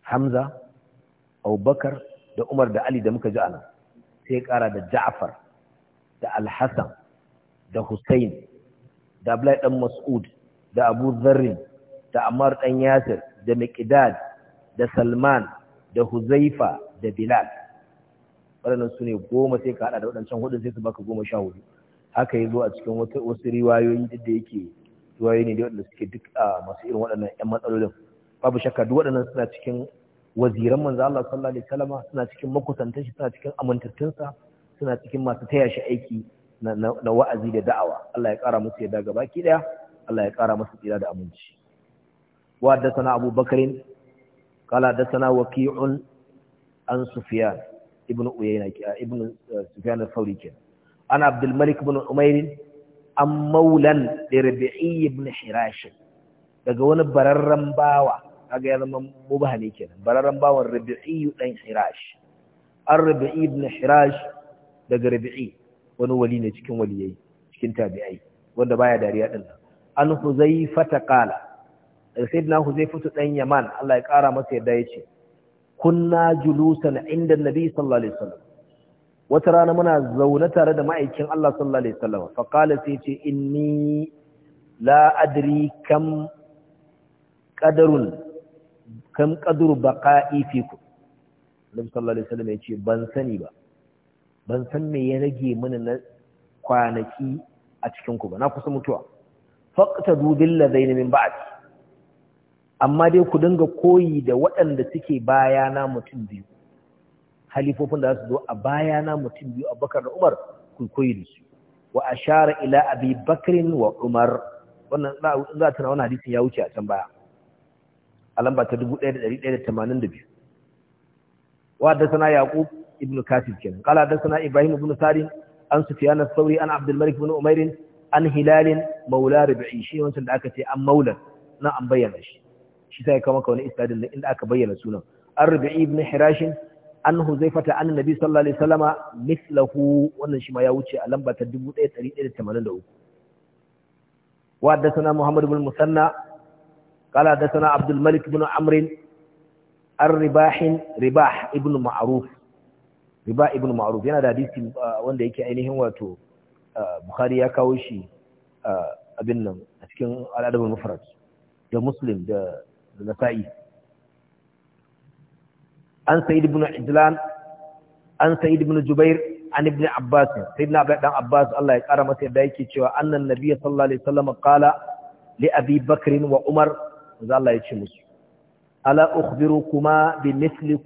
Hamza Abubakar da Umar da Ali da muka ji anan sai kara da Ja'far da Al-Hasan da Hussein da Abdullahi dan Mas'ud da Abu Dharr da Ammar dan Yasir da Miqdad da Salman da Huzaifa da Bilal waɗannan su ne goma sai ka haɗa da waɗancan hudu sai su baka goma sha hudu haka yazo a cikin wasu riwayoyi duk da yake riwayoyi ne da wadanda suke duk ah, masu irin waɗannan 'yan matsalolin babu shakka duk waɗannan suna cikin waziran manzo Allah sallallahu alaihi wasallam suna cikin makusantan shi suna cikin amintattunsa suna cikin masu taya shi aiki na wa'azi da da'awa Allah ya kara musu yadda gaba baki daya Allah ya kara musu tsira da aminci wa haddathana Abu Bakr qala haddathana Waqi'un an Sufyan ibn Uyayna ibn uh, Sufyan al-Thawri kin ana Abdul Malik ibn Umair an maulan da Rabi'i ibn Hirash daga wani bararren bawa kaga ya zama mubaha kenan bararan bawan rabi'i dan hirash an rabi'i ibn hirash daga rabi'i wani wali ne cikin waliyai cikin tabi'ai wanda baya dariya din nan an huzaifa ta qala sayyidina huzaifatu dan yaman Allah ya kara masa yadda yace kunna julusan inda nabi sallallahu alaihi wasallam wata rana muna zaune tare da ma'aikin Allah sallallahu alaihi wasallam fa qala sai ce inni la adri kam qadarun kam qadru baqa'i fikum Annabi sallallahu alaihi wasallam yace ban sani ba ban san me ya rage mana na kwanaki a cikin ku ba na kusa mutuwa faqtadu bil ladaini min ba'di amma dai ku dinga koyi da waɗanda suke bayana mutum biyu halifofin da su zo a bayana mutum biyu Abubakar da Umar ku koyi da su wa ashara ila Abi Bakr wa Umar wannan za a tana wani hadisin ya wuce a can baya a lamba ta 1182 wa haddathana yaqub ibn kasib kenan qala haddathana ibrahim ibn sarin an sufyan ath-thawri an abd al-malik ibn umair an hilal maula rabi'i shi wancan da aka ce an maula na an bayyana shi shi sai kawo maka wani istadin inda aka bayyana sunan an rabi'i ibn hirashin an huzaifata an nabi sallallahu alaihi wasallama mislahu wannan shi ma ya wuce a lamba ta 1183 wa haddathana muhammad ibn musanna قال حدثنا عبد الملك بن عمرو الرباح رباح ابن معروف رباح ابن معروف yana da hadisi wanda yake ainihin wato Bukhari ya kawo shi abin nan a cikin al'adabul mufrad da Muslim da Nasa'i an Sa'id ibn Ijlan an Sa'id ibn Jubair an ibn Abbas sayyidina dan Abbas Allah ya kara masa yadda yake cewa annan nabiyyi sallallahu alaihi wasallam qala li Abi Bakr wa Umar manzo Allah ya ce musu ala kuma bi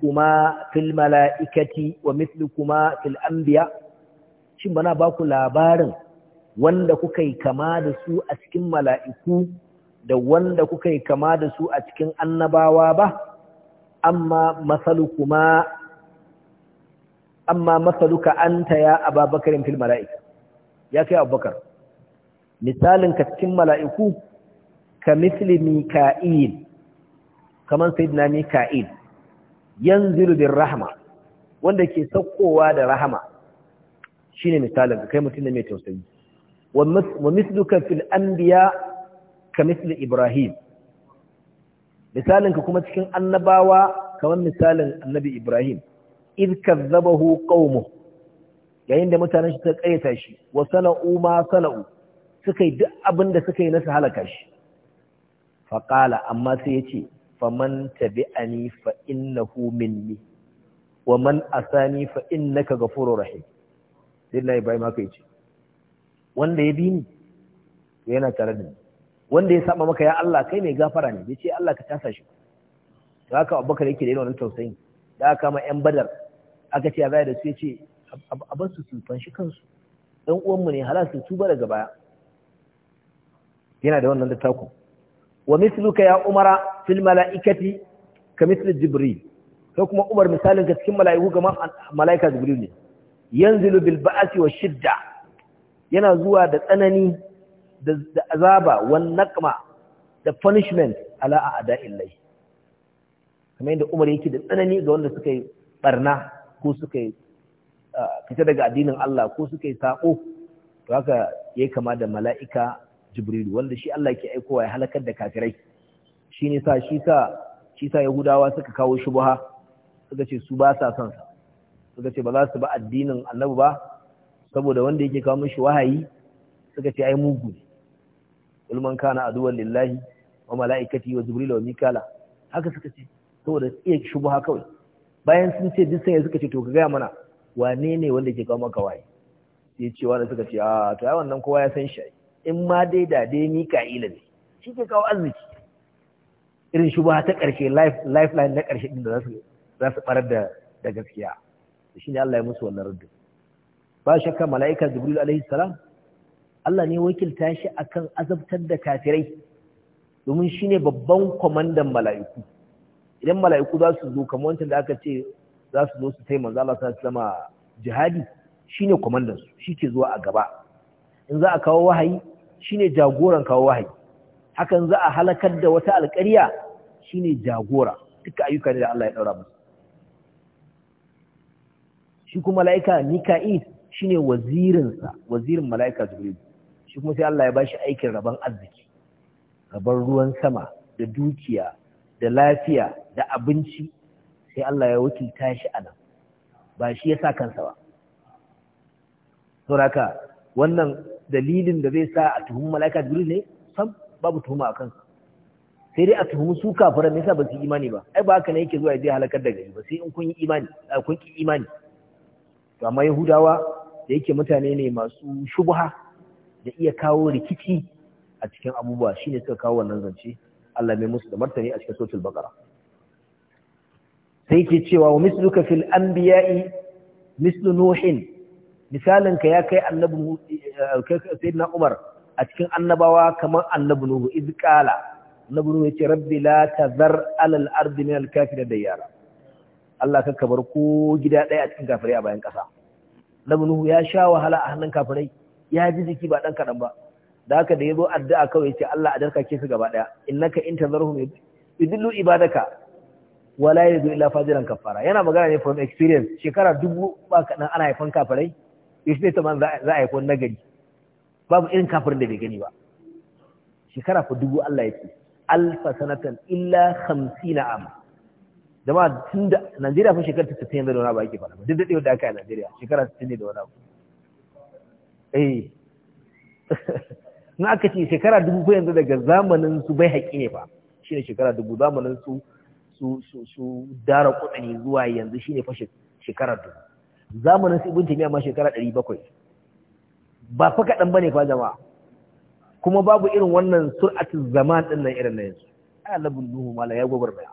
kuma fil malaikati wa kuma fil anbiya shin bana ba ku labarin wanda kuka yi kama da su a cikin mala'iku da wanda kuka yi kama da su a cikin annabawa ba amma masalukuma amma masaluka anta ya ababakarin fil mala'ika ya kai abubakar misalin ka cikin mala'iku ka misli mika'il kamar sayyidina mika'il yanzilu bir rahma wanda ke saukowa da rahama shine misalin kai mutum ne mai tausayi wa misluka fil anbiya ka misli ibrahim misalin ka kuma cikin annabawa kamar misalin annabi ibrahim id kazzabahu qaumuhu yayin da mutane shi ta kayyata shi wa sana'u ma sana'u suka duk abin da suka yi na halaka shi faƙala amma sai ya ce faman tabi'ani fa innahu minni wa man asani fa innaka ghafurur rahim sai Ibrahim haka yace wanda ya bi ni to yana tare da ni wanda ya saba maka ya Allah kai mai gafara ne yace Allah ka tasa shi to haka Abubakar yake da yin wannan tausayin da aka ma yan Badar aka ce zai da su yace a bar su su fanshi kansu dan uwanmu ne halal su tuba daga baya yana da wannan da wa misluka ya umara fil mala'ikati ka misli jibril sai kuma umar misalin ka cikin mala'iku kamar mala'ika jibril ne yanzilu bil ba'si wa shidda yana zuwa da tsanani da azaba wan naqma da punishment ala a'da'illahi kamar yadda umar yake da tsanani ga wanda suka barna ko suka ah, fita daga addinin Allah ko suka yi sako to haka yayi kama da mala'ika jibrilu wanda shi Allah ke aikowa ya halakar da kafirai shi ne sa shi sa shi sa yahudawa suka kawo shubha suka ce su ba sa son sa suka ce ba za su ba addinin annabi ba saboda wanda yake kawo mishi wahayi suka ce ai mugu ne ulman kana aduwan lillahi wa mala'ikati wa jibril wa mikala haka suka ce saboda iya shubha kawai bayan sun ce duk sai suka ce to ka gaya mana wane ne wanda yake kawo maka wahayi sai cewa da suka ce a ah, to ai wannan kowa ya san shi in ma dai da dai mika'ila ne shi ke kawo arziki irin shi ta ƙarshe lifeline na ƙarshe ɗin da za su ɓarar da gaskiya shi ne Allah ya musu wannan ruddu ba shakka mala'ika jibril alaihi salam Allah ne wakilta shi akan azabtar da kafirai domin shi ne babban kwamandan mala'iku idan mala'iku za su zo kamar wancan da aka ce za su zo su tai manzo Allah sallallahu alaihi jihadi ne kwamandan su ke zuwa a gaba in za a kawo wahayi shine jagoran kawo wahayi hakan za a halakar da wata alƙarya shine jagora duka ayyuka ne da Allah ya daura musu shi kuma mala'ika Mika'il shine wazirin sa wazirin mala'ika Jibril shi kuma sai Allah ya bashi aikin rabon arziki raban ruwan sama da dukiya da lafiya da abinci sai Allah ya wakilta shi anan ba shi ya sa kansa ba sauraka wannan dalilin da zai sa a tuhumi mala'ika da ne sam babu tuhuma kansa. sai dai a tuhumi su kafiran me yasa ba su imani ba ai ba haka ne yake zuwa ya je halakar da gari ba sai in kun yi imani kun ki imani to amma yahudawa da yake mutane ne masu shubha da iya kawo rikici a cikin abubuwa shine suka kawo wannan zance Allah mai musu da martani a cikin suratul baqara sai ke cewa wa misluka fil anbiya'i mislu nuhin misalin ka ya kai annabi eh, sayyidina Umar a cikin annabawa kamar annabi Nuhu iz qala annabi Nuhu yace rabbi la tazar alal ardi min al kafir Allah ka kabar ko gida ɗaya a cikin kafirai a bayan ƙasa annabi Nuhu ya sha wahala a hannun kafirai ya ji jiki ba dan kadan ba da haka da yazo addu'a kawai yace Allah a darka ke su gaba daya innaka in tazarhum yudillu ibadaka wala fa illa fajiran kafara yana magana ne from experience shekara dubu ba kaɗan ana haifan kafirai yaushe ta man za a haifi nagari babu irin kafirin da bai gani ba shekara fa dubu Allah ce alfa sanatan illa 50 am jama'a tun da Najeriya fa shekara ta 60 da wani ba ake fara duk da da aka yi Najeriya shekara 60 da wani abu eh *laughs* na aka ce shekara dubu ko yanzu daga zamanin su bai haƙi ne fa shine shekara dubu zamanin su su su dara kuɗi zuwa yanzu shine fa shekara dubu zamanin su ibn taymiya ma shekara 700 ba fa kadan bane fa jama'a kuma babu irin wannan sur'atul zaman din nan irin na yanzu alabun nuhu mala ya gwagwarmaya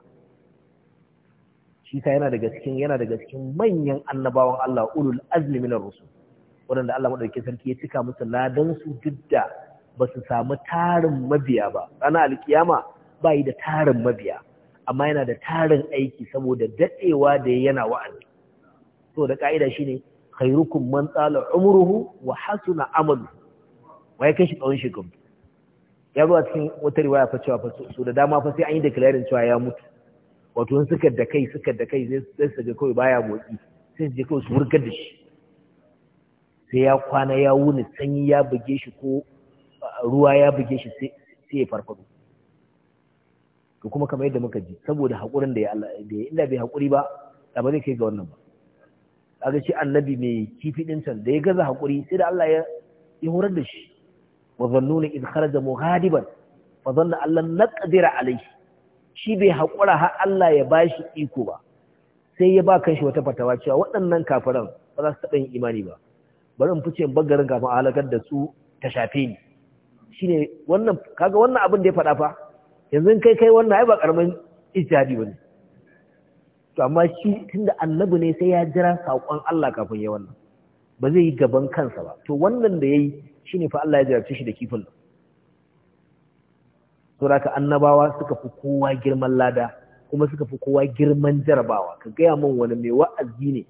shi ta yana daga cikin yana daga cikin manyan annabawan Allah ulul azmi na rusul waɗanda Allah madaukakin sarki ya cika musu ladan su dudda ba su samu tarin mabiya ba rana alkiyama ba da tarin mabiya amma yana da tarin aiki saboda dadewa da yana wa'azi to da ka'ida shine khairukum man tsala umruhu wa hasuna amalu wa ya kai shi tsawon shekaru ya ruwa cikin wata riwaya fa cewa so da dama fa sai an yi declaring cewa ya mutu wato sun suka da kai suka da kai sai su ga kawai baya motsi sai su je kawai su wurgar da shi sai ya kwana ya wuni sanyi ya buge shi ko ruwa ya buge shi sai ya farfado ko kuma kamar yadda muka ji saboda haƙurin da ya Allah da inda bai haƙuri ba da ba zai kai ga wannan ba kaga shi annabi mai kifi din can da ya gaza hakuri sai da Allah ya ya horar da shi wa zannuna id kharaja muhadiban fa zanna Allah naqdira alayhi shi bai hakura har Allah ya bashi iko ba sai ya ba kanshi wata fatawa cewa waɗannan kafiran ba za su taɓa yin imani ba bari in fice bagarin kafin a halakar da su ta shafe ni shine wannan kaga wannan abin da ya faɗa fa yanzu kai kai wannan ai ba karamin ijtihadi bane to amma shi tunda annabi ne sai ya jira saƙon Allah kafin ya wannan ba zai yi gaban kansa ba to wannan da yayi shine fa Allah ya jarabce shi da kifin to haka annabawa suka fi kowa girman lada kuma suka fi kowa girman jarabawa ka gaya min wani mai wa'azi ne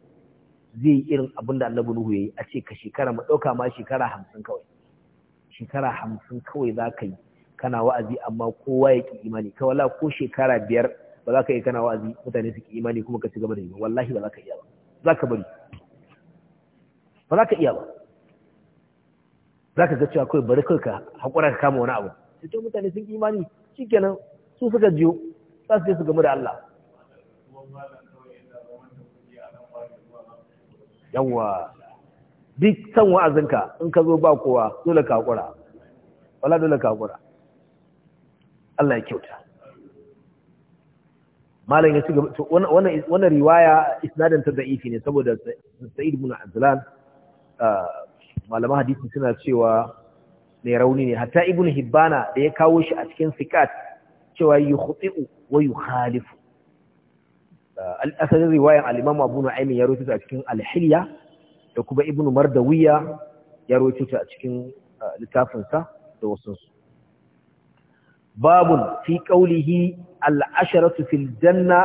zai yi irin abin da annabi Nuhu yayi a ce ka shekara mu dauka ma shekara 50 kawai shekara 50 kawai za ka yi kana wa'azi amma kowa ya ki imani ka wala ko shekara biyar ba za ka yi kana wa'azi mutane su imani kuma ka ci gaba da yi wallahi ba za ka iya ba za ka bari ba za ka iya ba za ka ga cewa kawai bari kawai ka haƙura ka kama wani abu sai mutane sun imani kenan su suka jiyo za su je su gamu da Allah Yawa duk san wa'azinka in ka zo ba kowa dole ka haƙura wala dole ka haƙura Allah ya kyauta malam ya ci gaba wannan riwaya isnadin ta da'ifi ne saboda sa'id ibn azlan ah, malama hadisi suna cewa mai rauni ne hatta ibn hibbana da ya kawo shi a cikin sikat cewa yukhti'u wa yukhalifu ah, al-asalin riwayan al-imam abu nu'aym ya rawaito ta cikin al-hilya da kuma ibn mardawiya ya rawaito ta a cikin ah, littafinsa da wasansu babun fi qawlihi al-asharatu fil janna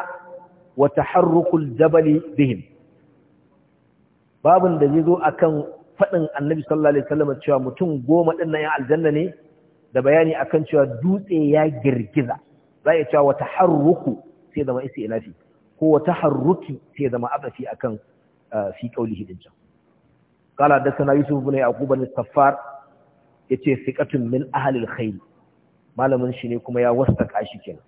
wa taharrukul jabali bihim babun da zai zo akan fadin annabi sallallahu alaihi wasallam cewa mutum goma din nan ya aljanna ne da bayani akan cewa dutse ya girgiza za ya cewa wa taharruku sai zama isi ilafi ko wa taharruki sai zama abafi akan eh, fi qawlihi din can قال حدثنا يوسف بن يعقوب بن الصفار yace thiqatun min ahli alkhair malamin shi ne kuma ya wastaka shi kenan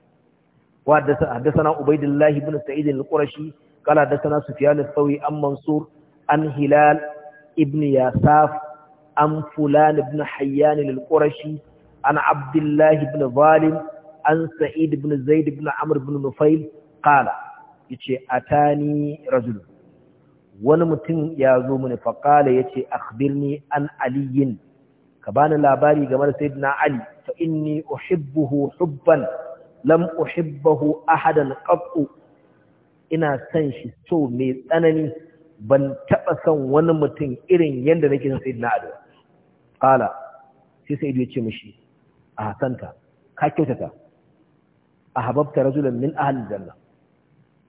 wa haddathana ubaidillah ibn sa'id al-qurashi qala haddathana sufyan al-thawi an mansur an hilal ibn yasaf an fulan ibn hayyan al-qurashi an abdullah ibn zalim an sa'id ibn zaid ibn amr ibn nufail qala yace atani rajul wani mutum ya zo mini faqala yace akhbirni an aliyin ka bani labari game da sayyidina ali fa inni uhibbuhu hubban lam uhibbahu ahadan qattu ina son shi so mai tsanani ban taba son wani mutum irin yanda nake son sayyidina ali qala sai sayyidu ya ce mishi a hasanta ka kyautata a hababta rajulan min ahalin janna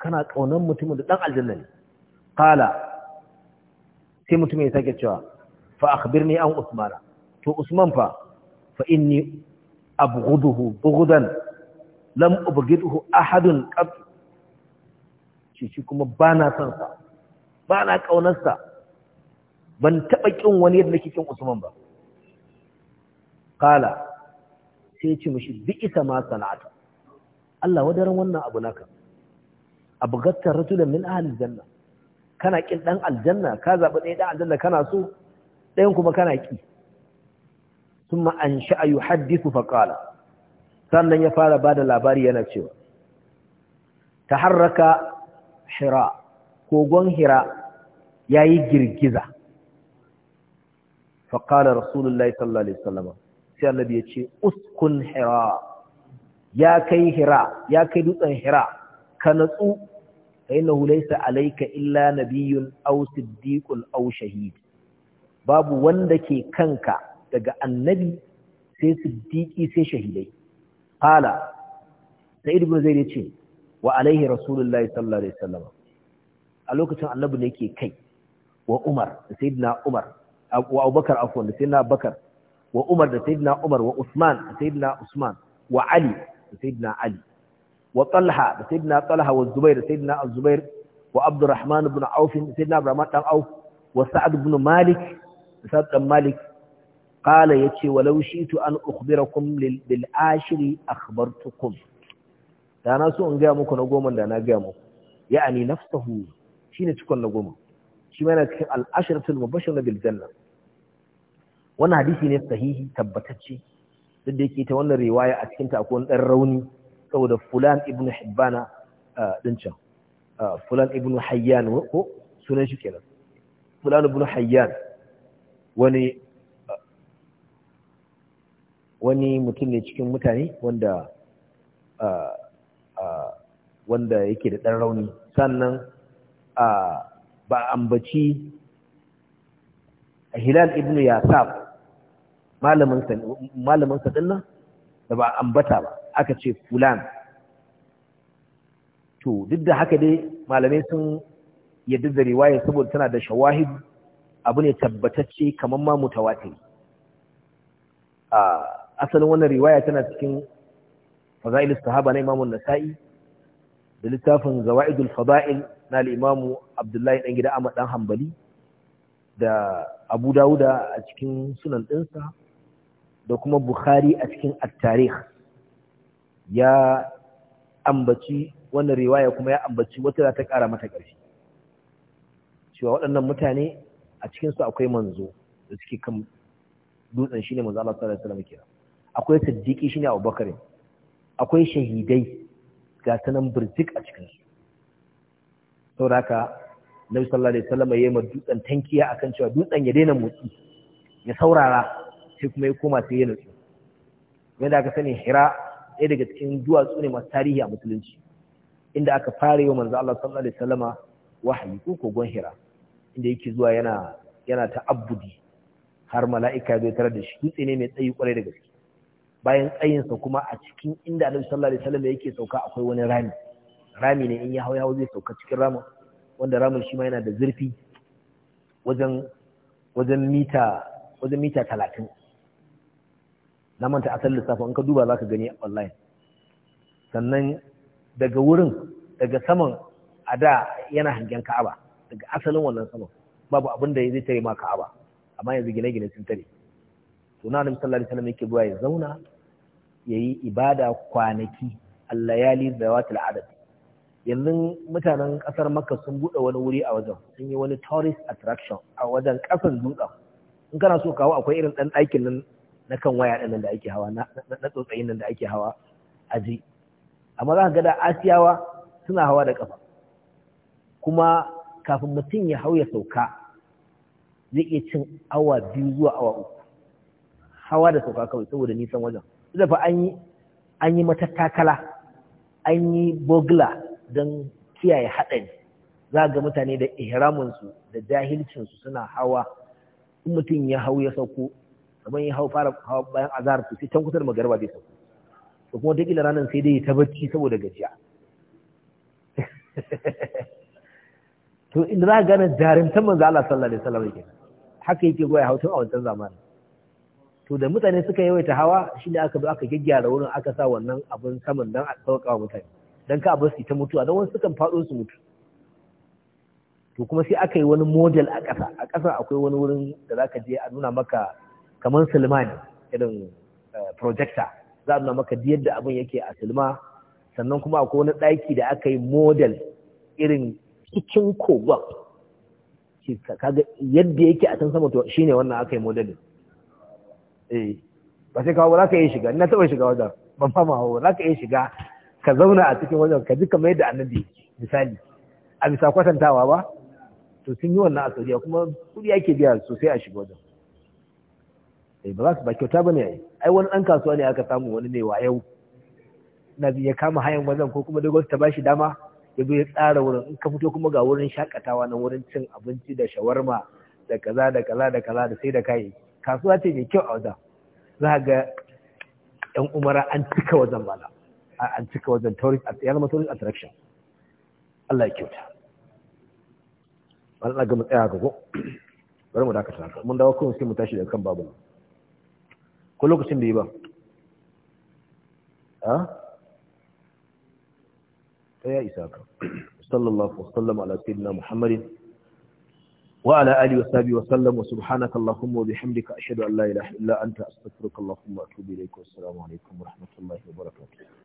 kana kaunan mutumin da dan aljanna ne qala sai mutum ya sake cewa fa akhbirni an usmana to usman fa fa inni abghuduhu bughdan lam ubghiduhu ahadun qat shi shi kuma bana son sa bana kaunar sa ban taba kin wani yadda nake kin usman ba qala sai ce mishi bi isa ma sana'ata Allah wadaran wannan abu naka abghatta rajulan min ahli janna kana kin dan aljanna ka zabi dai dan aljanna kana so dayan kuma kana ki thumma ansha'a yuhaddithu faqala sannan ya fara bada labari yana cewa taharraka hira kogon hira yayi girgiza faqala rasulullahi sallallahu alaihi wasallam sai annabi ya ce uskun hira ya kai hira ya kai dutsen hira ka natsu innahu laysa alayka illa nabiyyun aw siddiqun aw shahid babu wanda ke kanka daga annabi sai siddiqi sai shahidai qala sa'id ibn zaid yace wa alaihi rasulullahi sallallahu alaihi wasallam a lokacin annabi ne ke kai wa umar da sayyidina umar wa abubakar afwan da sayyidina abubakar wa umar da sayyidina umar wa usman da sayyidina usman wa ali da sayyidina ali wa talha da sayyidina talha wa zubair da sayyidina zubair wa abdurrahman ibn auf da sayyidina abdurrahman dan auf wa sa'ad ibn malik da sa'ad dan malik ya yace walau tu an ukhbirakum bil ashri akhbartukum da na so in ga muku na goma da na ga muku ya'ani nafsuhu shine cikon na goma shi ma yana cikin al ashratul mubashshir bil janna wannan hadisi ne sahihi tabbatacce duk da yake ta wannan riwaya a cikin ta akwai dan rauni saboda fulan ibn hibbana din fulan ibn hayyan ko sunan shi kenan fulan ibn hayyan wani wani mutum ne cikin mutane wanda wanda yake da ɗan rauni sannan ba ambaci hilal ibn yasaf malaminsa dinnan da ba ambata ba aka ce fulan to duk da haka dai malamai sun yadda da riwaya saboda tana da shawahid abu ne tabbatacce kamar ma mutawatiri a asalin wannan riwaya tana cikin fazailu sahaba na imamu nasa'i da littafin zawa'idul fada'il na al'imamu abdullahi dan gida ahmad ɗan hambali da abu dawuda a cikin sunan ɗinsa da kuma bukhari a cikin attarih ya ambaci wannan riwaya kuma ya ambaci wata za ta ƙara mata ƙarfi cewa waɗannan mutane a cikinsu akwai manzo da suke kan dutsen shi ne manzo Allah sallallahu alaihi wasallam kira akwai siddiqi shine bakarin akwai shahidai ga sanan birzik a cikin su sauraka nabi sallallahu alaihi wasallam yi ma dutsen tankiya akan cewa dutsen ya daina motsi ya saurara sai kuma ya koma sai ya nutsu yadda aka sani hira ɗaya daga cikin duwatsu ne masu tarihi a musulunci inda aka fara yau manzo Allah sallallahu alaihi wasallama wahayi ko kogon hira inda yake zuwa yana yana ta abudi har mala'ika zai tarar da shi dutse ne mai tsayi kwarai da gaske bayan tsayinsa kuma a cikin inda annabi sallallahu alaihi wasallam yake sauka akwai wani rami rami ne in ya hau yawo zai sauka cikin ramin wanda ramin shi ma yana da zurfi wajen wajen mita wajen mita talatin na manta asalin lissafin in ka duba za ka gani online sannan daga wurin daga saman a da yana hangen ka'aba daga asalin wannan saman babu abin da zai tare ma ka'aba amma yanzu gine-gine sun tare to na annabi sallallahu alaihi wasallam yake zuwa ya zauna yayi ibada kwanaki al-layali zawatul adad yanzu mutanen kasar makka sun buɗe wani wuri a wajen sun yi wani tourist attraction a wajen ƙasan dutsen in kana so kawo akwai irin dan ɗakin nan na kan waya ɗin nan da ake hawa na tsotsayin nan da ake hawa a ji. amma za ka ga asiyawa suna hawa da kafa kuma kafin mutum ya hau ya sauka zai iya cin awa biyu zuwa awa uku hawa da sauka kawai saboda nisan wajen da fa an yi an yi matattakala an yi bogla don kiyaye haɗari za ga mutane da ihraminsu da jahilcinsu suna hawa in mutum ya hau ya sauko kamar ya hau fara bayan azahar sai can kusa da magarba bai sauko to kuma ta kila ranar sai dai ta bacci saboda gajiya *laughs* to inda za a gane jarumtar manzo Allah sallallahu alaihi wasallam yake haka yake goya hautun a wancan zamanin to da mutane suka yawaita hawa shi ne aka aka gyaggyara wurin aka sa wannan abin saman don a sauƙawa mutane don ka abin su ta mutuwa don wasu sukan faɗo su mutu to kuma sai aka yi wani model a ƙasa a ƙasa akwai wani wurin da za ka je a nuna maka kamar silmani irin eh, projector za a nuna maka yadda abin yake a silma sannan kuma akwai wani ɗaki da aka yi model irin cikin kogon kaga yadda yake a can sama to shine wannan aka yi modelin eh ba sai kawo za ka iya shiga na taɓa shiga wajen ban fama hawa za ka iya shiga ka zauna a cikin wajen ka ji mai da annabi misali a bisa kwatantawa ba to sun yi wannan a saudiya kuma kuɗi ake biya sosai a shiga wajen eh ba za su ba kyauta ba ne ai wani ɗan kasuwa ne aka samu wani ne wa yau. na ya kama hayan wajen ko kuma dai ta bashi dama ya zo ya tsara wurin in ka fito kuma ga wurin shakatawa na wurin cin abinci da shawarma da kaza da kaza da kaza da sai da kayayyaki kasuwa ce mai kyau a wajen za ga yan umara an cika wajen bala an cika wajen tourist ya zama tourist attraction Allah ya kyauta Allah ga mu tsaya ga ko bari mu dakata haka mun dawo kuma sai mu tashi daga kan babu ko lokacin da yi ba ha ta ya isa ka sallallahu alaihi wa ala sayyidina muhammadin وعلى آله وصحبه وسلم وسبحانك اللهم وبحمدك أشهد أن لا إله إلا أنت أستغفرك اللهم وأتوب إليك والسلام عليكم ورحمة الله وبركاته